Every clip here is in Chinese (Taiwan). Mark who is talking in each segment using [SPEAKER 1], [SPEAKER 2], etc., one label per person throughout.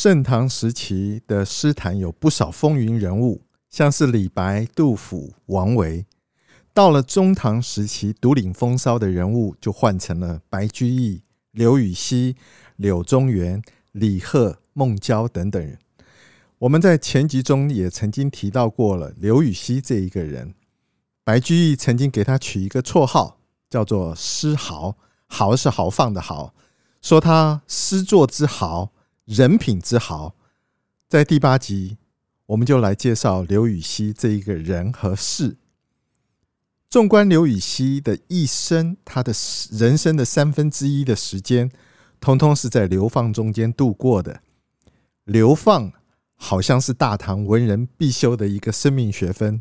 [SPEAKER 1] 盛唐時期的詩壇有不少風雲人物，像是李白、杜甫、王維。到了中唐時期，獨領風騷的人物就換成了白居易、劉禹錫、柳宗元、李賀、孟郊等等人。我們在前集中也曾經提到過了劉禹錫這一個人，白居易曾經給他取一個綽號，叫做“詩豪”，豪是豪放的豪，說他詩作之豪。人品之豪，在第八集，我們就來介紹劉禹錫這一個人和事。縱觀劉禹錫的一生，他的人生的三分之一的時間，通通是在流放中間度過的。流放好像是大唐文人必修的一個生命學分。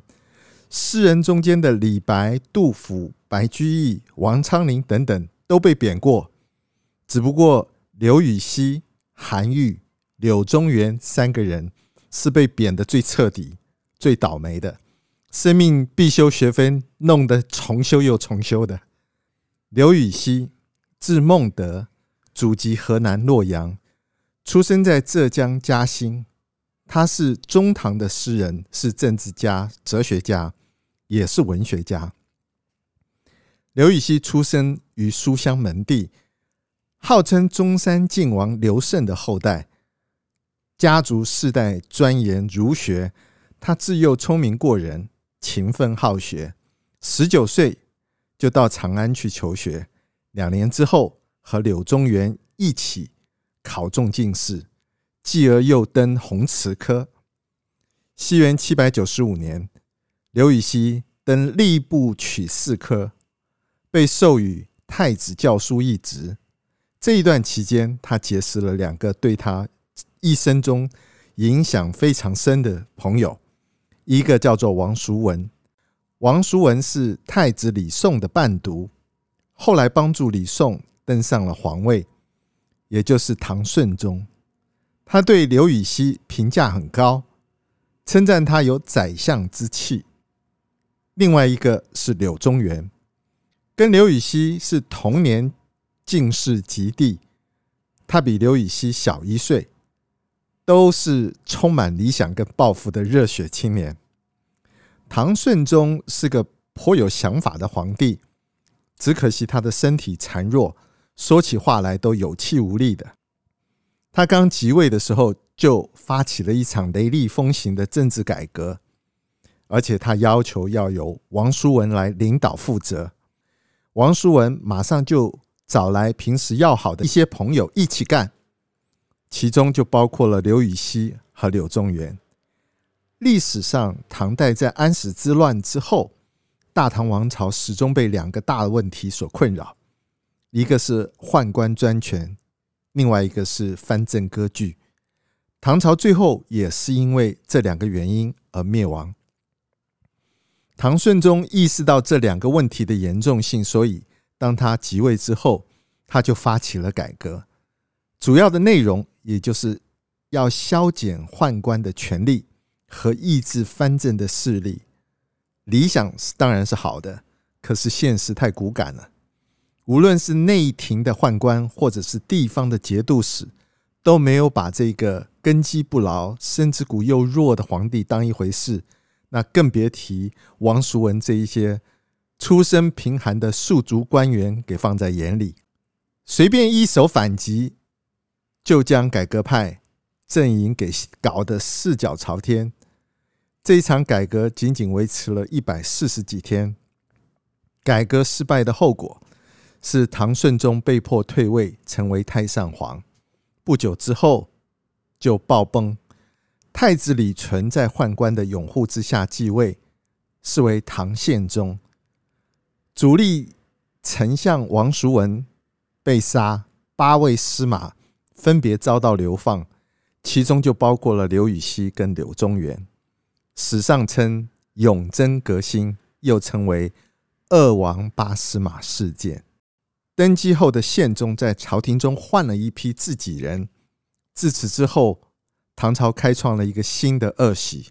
[SPEAKER 1] 詩人中間的李白、杜甫、白居易、王昌齡等等都被貶過，只不過劉禹錫。韓愈、柳宗元，三個人是被貶得最徹底、最倒霉的，生命必修學分弄得重修又重修的。劉禹錫字夢得，祖籍河南洛陽，出生在浙江嘉興。他是中唐的詩人，是政治家、哲學家，也是文學家。劉禹錫出生於書香門第。號稱中山靖王劉勝的後代，家族世代鑽研儒學。他自幼聰明過人，勤奮好學。十九歲就到長安去求學，兩年之後和柳宗元一起考中進士，繼而又登弘詞科。西元七百九十五年，劉禹錫登吏部取士科，被授予太子校書一職。這一段期間，他結識了兩個對他一生中影響非常深的朋友，一個叫做王叔文，王叔文是太子李誦的伴讀，後來幫助李誦登上了皇位，也就是唐順宗。他對劉禹錫評價很高，稱讚他有宰相之氣。另外一個是柳宗元，跟劉禹錫是同年。進士及第，他比劉禹錫小一歲，都是充滿理想跟抱負的熱血青年。唐順宗是個頗有想法的皇帝，只可惜他的身體孱弱，說起話來都有氣無力的。他剛即位的時候就發起了一場雷厲風行的政治改革，而且他要求要由王叔文來領導負責。王叔文馬上就。找來平時要好的一些朋友一起幹，其中就包括了劉禹錫和柳宗元。歷史上，唐代在安史之亂之後，大唐王朝始終被兩個大問題所困擾，一個是宦官專權，另外一個是藩鎮割據。唐朝最後也是因為這兩個原因而滅亡。唐順宗意識到這兩個問題的嚴重性，所以。當他即位之後，他就發起了改革，主要的內容也就是要削減宦官的權力和抑制藩鎮的勢力。理想是當然是好的，可是現實太骨感了。無論是內廷的宦官，或者是地方的節度使，都沒有把這個根基不牢、身子骨又弱的皇帝當一回事。那更別提王叔文這一些。出身貧寒的庶族官員給放在眼裡，隨便一手反擊，就將改革派陣營給搞得四腳朝天。這一場改革僅僅維持了一百四十幾天，改革失敗的後果是唐順宗被迫退位，成為太上皇。不久之後就暴崩，太子李純在宦官的擁護之下繼位，是為唐憲宗。主力丞相王叔文被殺，八位司馬分別遭到流放，其中就包括了劉禹錫跟柳宗元。史上稱“永貞革新”，又稱為“二王八司馬事件”。登基後的憲宗在朝廷中換了一批自己人，自此之後，唐朝開創了一個新的惡習，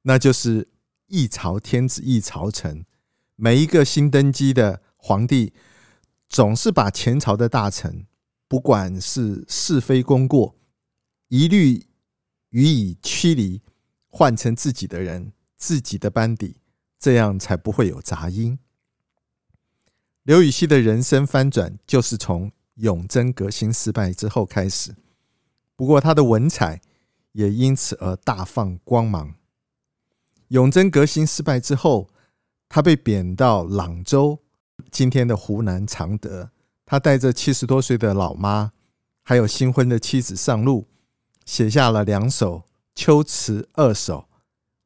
[SPEAKER 1] 那就是“一朝天子一朝臣”。每一個新登基的皇帝，總是把前朝的大臣，不管是是非功過，一律予以驅離，換成自己的人、自己的班底，這樣才不會有雜音。劉禹錫的人生翻轉，就是從永貞革新失敗之後開始。不過，他的文采也因此而大放光芒。永貞革新失敗之後，他被貶到朗州，今天的湖南常德。他帶着七十多歲的老媽，還有新婚的妻子上路，寫下了兩首《秋詞二首》。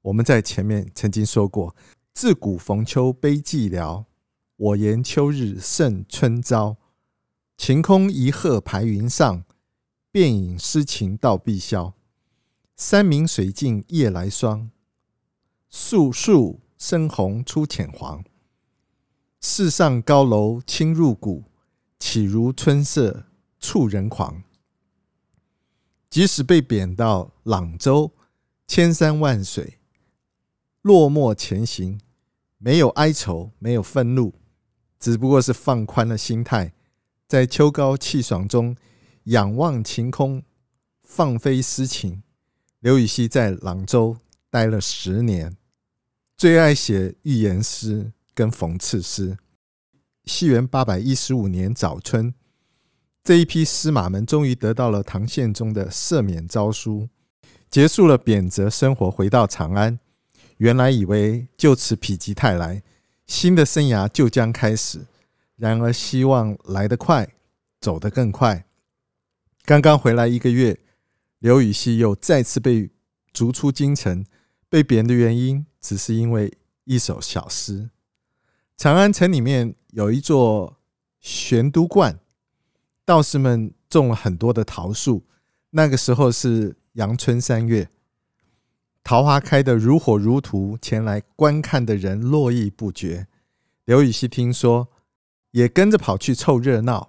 [SPEAKER 1] 我們在前面曾經說過：“自古逢秋悲寂寥，我言秋日勝春朝。晴空一鶴排雲上，便引詩情到碧霄。山明水淨夜來霜，數樹深紅出淺黃，世上高樓清入骨，豈如春色觸人狂？即使被貶到朗州，千山萬水，落寞前行，沒有哀愁，沒有憤怒，只不過是放寬了心態，在秋高氣爽中仰望晴空，放飛詩情。劉禹錫在朗州待了十年。最愛寫寓言詩跟諷刺詩。西元八百一十五年早春，這一批司馬們終於得到了唐憲宗的赦免詔書，結束了貶謫生活，回到長安。原來以為就此否極泰來，新的生涯就將開始。然而希望來得快，走得更快。剛剛回來一個月，劉禹錫又再次被逐出京城，被貶的原因。只是因為一首小詩。長安城裡面有一座玄都觀，道士們種了很多的桃樹。那個時候是陽春三月，桃花開得如火如荼，前來觀看的人絡繹不絕。劉禹錫聽說，也跟着跑去湊熱鬧。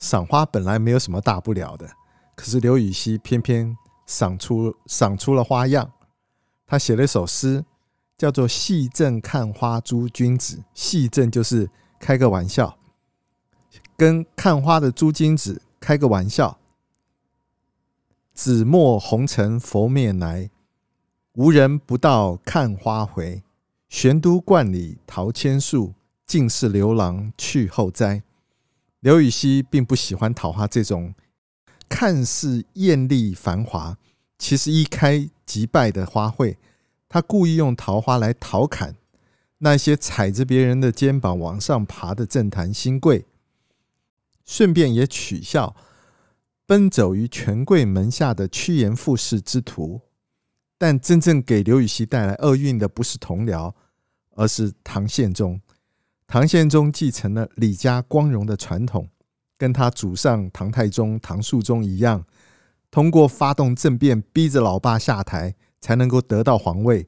[SPEAKER 1] 賞花本來沒有什麼大不了的，可是劉禹錫偏偏賞出賞出了花樣，他寫了一首詩。叫做戲贈看花諸君子，戲贈就是開個玩笑，跟看花的諸君子開個玩笑。紫陌紅塵拂面來，無人不道看花回。玄都觀裡桃千樹，盡是劉郎去後栽。劉禹錫並不喜歡桃花這種看似豔麗繁華，其實一開即敗的花卉。他故意用桃花來調侃那些踩着別人的肩膀往上爬的政壇新貴，順便也取笑奔走於權貴門下的趨炎附勢之徒。但真正給劉禹錫帶來厄運的不是同僚，而是唐憲宗。唐憲宗繼承了李家光榮的傳統，跟他祖上唐太宗、唐肅宗一樣，通過發動政變逼着老爸下台。才能夠得到皇位。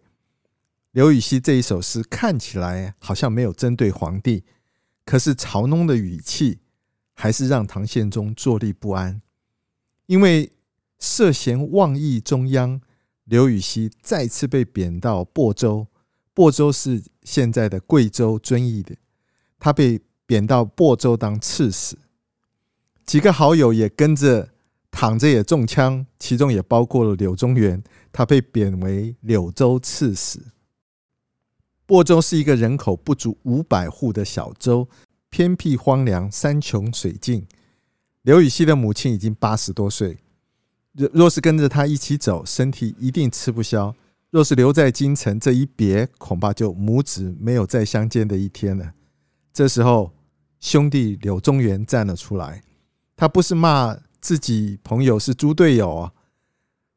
[SPEAKER 1] 劉禹錫這一首詩看起來好像沒有針對皇帝，可是嘲弄的語氣還是讓唐憲宗坐立不安。因為涉嫌妄議中央，劉禹錫再次被貶到播州。播州是現在的貴州遵義的，他被貶到播州當刺史，幾個好友也跟着。躺着也中槍，其中也包括了柳宗元，他被貶為柳州刺史。播州是一個人口不足五百戶的小州，偏僻荒涼，山窮水盡。劉禹錫的母親已經八十多歲，若若是跟着他一起走，身體一定吃不消；若是留在京城，這一別恐怕就母子沒有再相見的一天了。這時候，兄弟柳宗元站了出來，他不是罵。自己朋友是豬隊友啊、哦！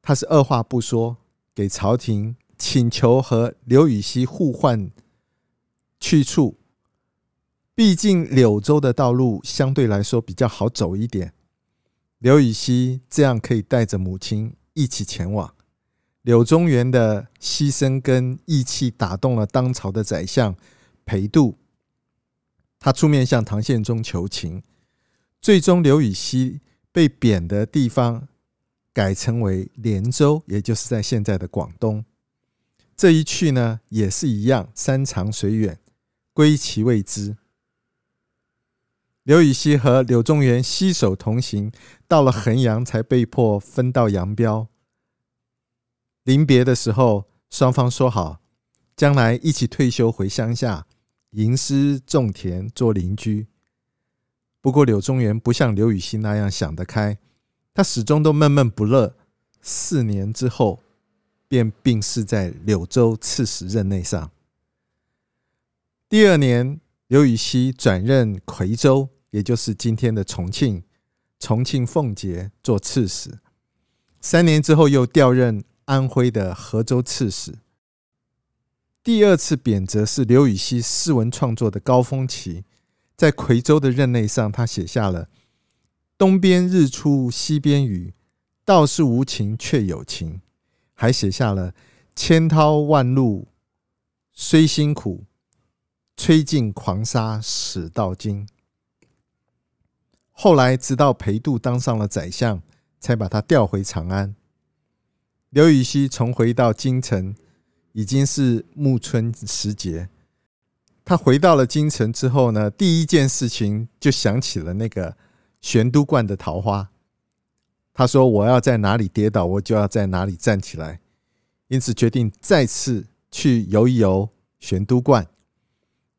[SPEAKER 1] 他是二話不說，給朝廷請求和劉禹錫互換去處。畢竟柳州的道路相對來說比較好走一點，劉禹錫這樣可以帶着母親一起前往。柳宗元的犧牲跟義氣打動了當朝的宰相裴度，他出面向唐憲宗求情，最終劉禹錫。被貶的地方改稱為連州，也就是在現在的廣東。這一去呢，也是一樣，山長水遠，歸期未知。劉禹錫和柳宗元攜手同行，到了衡陽才被迫分道揚鑣。臨別的時候，雙方說好，將來一起退休回鄉下，吟詩種田，做鄰居。不過柳宗元不像劉禹錫那樣想得開，他始終都悶悶不樂。四年之後，便病逝在柳州刺史任內上。第二年，劉禹錫轉任夔州，也就是今天的重慶，重慶奉節做刺史。三年之後，又調任安徽的和州刺史。第二次貶謫是劉禹錫詩文創作的高峰期。在夔州的任內上，他寫下了“東邊日出西邊雨，道是無晴卻有晴”，還寫下了“千淘萬漉雖辛苦，吹盡狂沙始到金”。後來，直到裴度當上了宰相，才把他調回長安。劉禹錫重回到京城，已經是暮春時節。他回到了京城之後呢，第一件事情就想起了那個玄都觀的桃花。他說：“我要在哪裡跌倒，我就要在哪裡站起來。”因此決定再次去遊一遊玄都觀。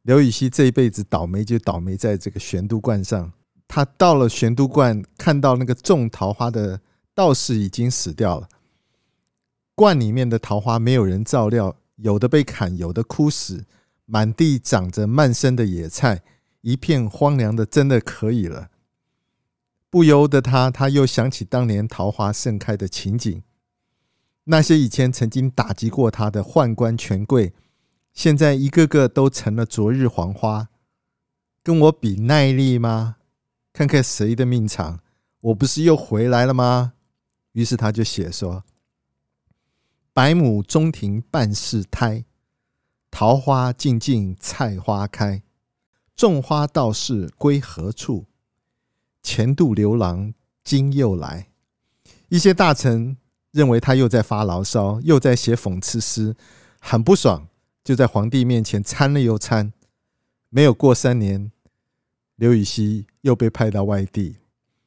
[SPEAKER 1] 劉禹錫這一輩子倒霉就倒霉在這個玄都觀上。他到了玄都觀，看到那個種桃花的道士已經死掉了，觀裡面的桃花沒有人照料，有的被砍，有的枯死。滿地長着蔓生的野菜，一片荒涼的，真的可以了。不由得他，他又想起當年桃花盛開的情景。那些以前曾經打擊過他的宦官權貴，現在一個個都成了昨日黃花。跟我比耐力嗎？看看誰的命長。我不是又回來了嗎？於是他就寫說：“百畝中庭半是苔。桃花淨盡菜花開，種花道士歸何處？前度劉郎今又來。一些大臣認為他又在發牢騷，又在寫諷刺詩，很不爽，就在皇帝面前參了又參。沒有過三年，劉禹錫又被派到外地。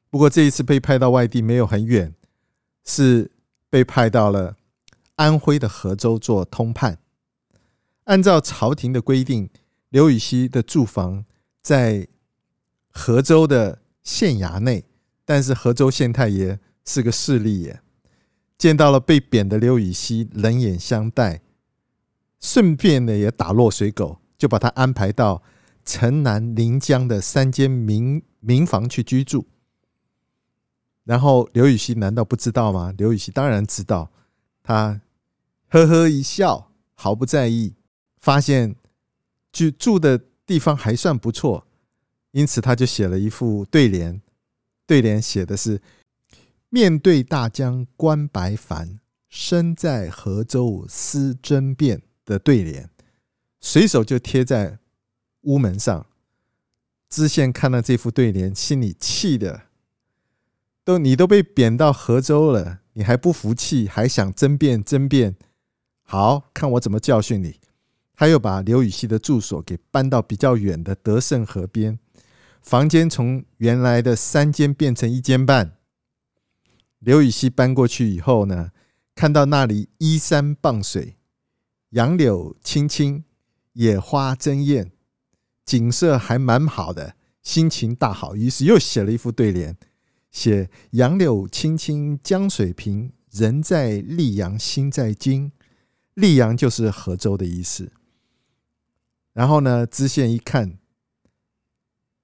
[SPEAKER 1] 不過這一次被派到外地沒有很遠，是被派到了安徽的和州做通判。按照朝廷的規定，劉禹錫的住房在和州的縣衙內，但是和州縣太爺是個勢利眼，見到了被貶的劉禹錫冷眼相待，順便呢也打落水狗，就把他安排到城南臨江的三間民民房去居住。然後劉禹錫難道不知道嗎？劉禹錫當然知道，他呵呵一笑，毫不在意。發現住住的地方還算不錯，因此他就寫了一副對聯，對聯寫的是“面對大江觀白帆，身在河州思爭辯”的對聯，隨手就貼在屋門上。知縣看到這副對聯，心裡氣得都，你都被貶到河州了，你還不服氣，還想爭辯爭辯？好，看我怎麼教訓你！還有把劉禹錫的住所給搬到比較遠的德勝河邊，房間從原來的三間變成一間半。劉禹錫搬過去以後呢，看到那裡依山傍水，楊柳青青，野花爭豔，景色還蠻好的，心情大好，於是又寫了一副對聯，寫“楊柳青青江水平，人在溧陽心在京”。溧陽就是和州的意思。然後呢，知縣一看，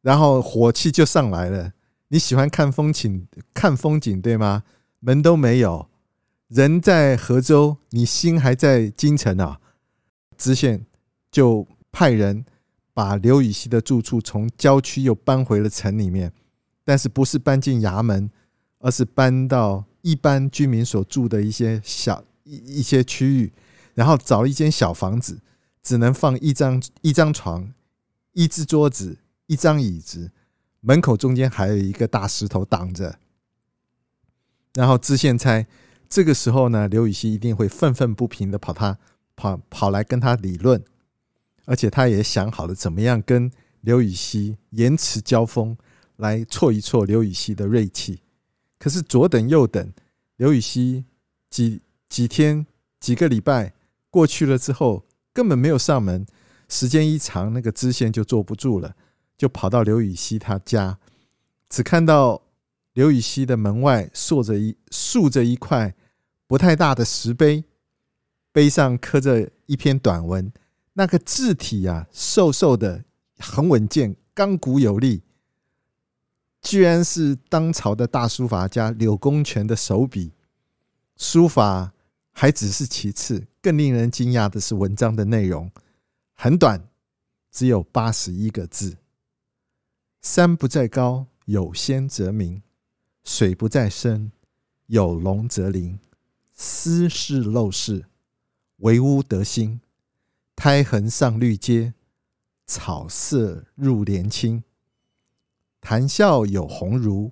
[SPEAKER 1] 然後火氣就上來了。你喜歡看風景，看風景對嗎？門都沒有，人在和州，你心還在京城啊。知縣就派人把劉禹錫的住處從郊區又搬回了城裡面，但是不是搬進衙門，而是搬到一般居民所住的一些小一一些區域，然後找一間小房子。只能放一張一張床，一只桌子，一張椅子，門口中間還有一個大石頭擋着。然後知縣猜，這個時候呢，劉禹錫一定會憤憤不平的跑他跑跑來跟他理論，而且他也想好了怎麼樣跟劉禹錫延遲交鋒，來挫一挫劉禹錫的銳氣。可是左等右等，劉禹錫幾幾天幾個禮拜過去了之後。根本沒有上門，時間一長，那個知縣就坐不住了，就跑到劉禹錫他家，只看到劉禹錫的門外豎着一豎着一塊不太大的石碑，碑上刻着一篇短文，那個字體啊瘦瘦的，很穩健，剛骨有力，居然是當朝的大書法家柳公權的手筆，書法。還只是其次，更令人驚訝的是，文章的內容很短，只有八十一個字：“山不在高，有仙則名；水不在深，有龍則靈。斯是陋室，惟吾德馨。苔痕上綠階，草色入簾青。談笑有鴻儒，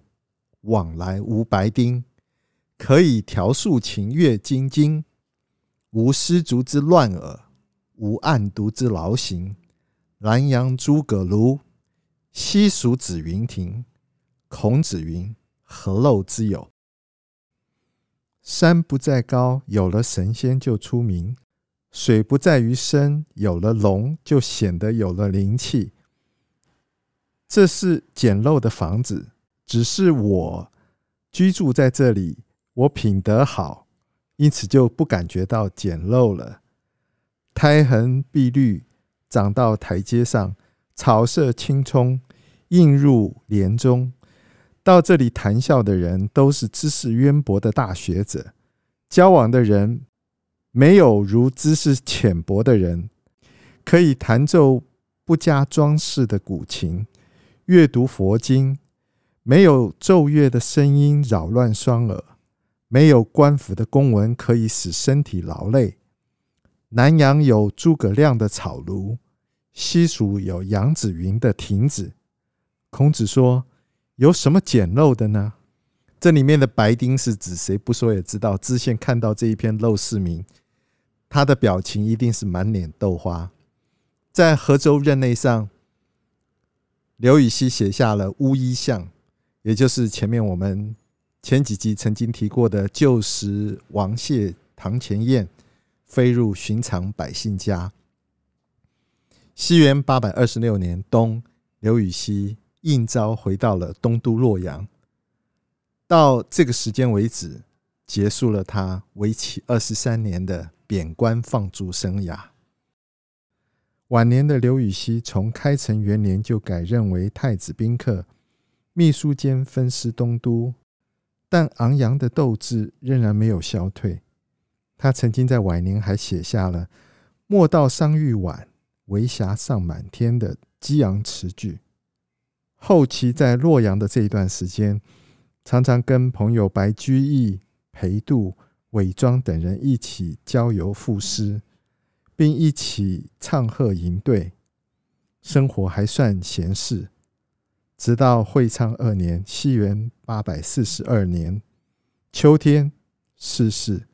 [SPEAKER 1] 往來無白丁。”可以調素琴，閱金經。無絲竹之亂耳，無案牘之勞形。南陽諸葛廬，西蜀子雲亭。孔子雲：“何陋之有？”山不在高，有了神仙就出名；水不在於深，有了龍就顯得有了靈氣。這是簡陋的房子，只是我居住在這裡。我品德好，因此就不感覺到簡陋了。苔痕碧綠，長到台階上；草色青蔥，映入簾中。到這裡談笑的人都是知識淵博的大學者，交往的人沒有如知識淺薄的人。可以彈奏不加裝飾的古琴，閱讀佛經，沒有奏樂的聲音擾亂雙耳。沒有官府的公文可以使身體勞累。南陽有諸葛亮的草廬，西蜀有楊子雲的亭子。孔子說：“有什麼簡陋的呢？”這裡面的白丁是指誰？不說也知道。知縣看到這一篇《陋室銘》，他的表情一定是滿臉豆花。在河州任內上，劉禹錫寫下了《烏衣巷》，也就是前面我們。前幾集曾經提過的“舊時王謝堂前燕，飛入尋常百姓家”。西元八百二十六年冬，劉禹錫應召回到了東都洛陽。到這個時間為止，結束了他為期二十三年的貶官放逐生涯。晚年的劉禹錫從開成元年就改任為太子賓客、秘書監分司東都。但昂揚的鬥志仍然沒有消退。他曾經在晚年還寫下了“莫道桑榆晚，為霞尚滿天”的激昂詞句。後期在洛陽的這一段時間，常常跟朋友白居易、裴度、韋莊等人一起郊遊賦詩，並一起唱和吟對，生活還算閒適。直到會昌二年（西元八百四十二年）秋天，逝世，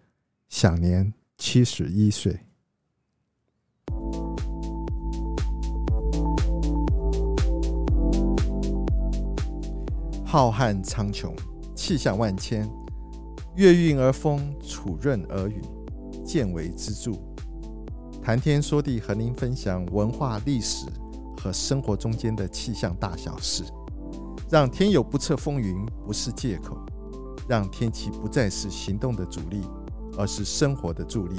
[SPEAKER 1] 享年七十一歲。浩瀚蒼穹，氣象萬千，月暈而風，礎潤而雨，見為之助。談天說地，和您分享文化歷史。和生活中間的氣象大小事，讓天有不測風雲不是借口，讓天氣不再是行動的阻力，而是生活的助力。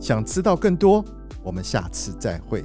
[SPEAKER 1] 想知道更多，我們下次再會。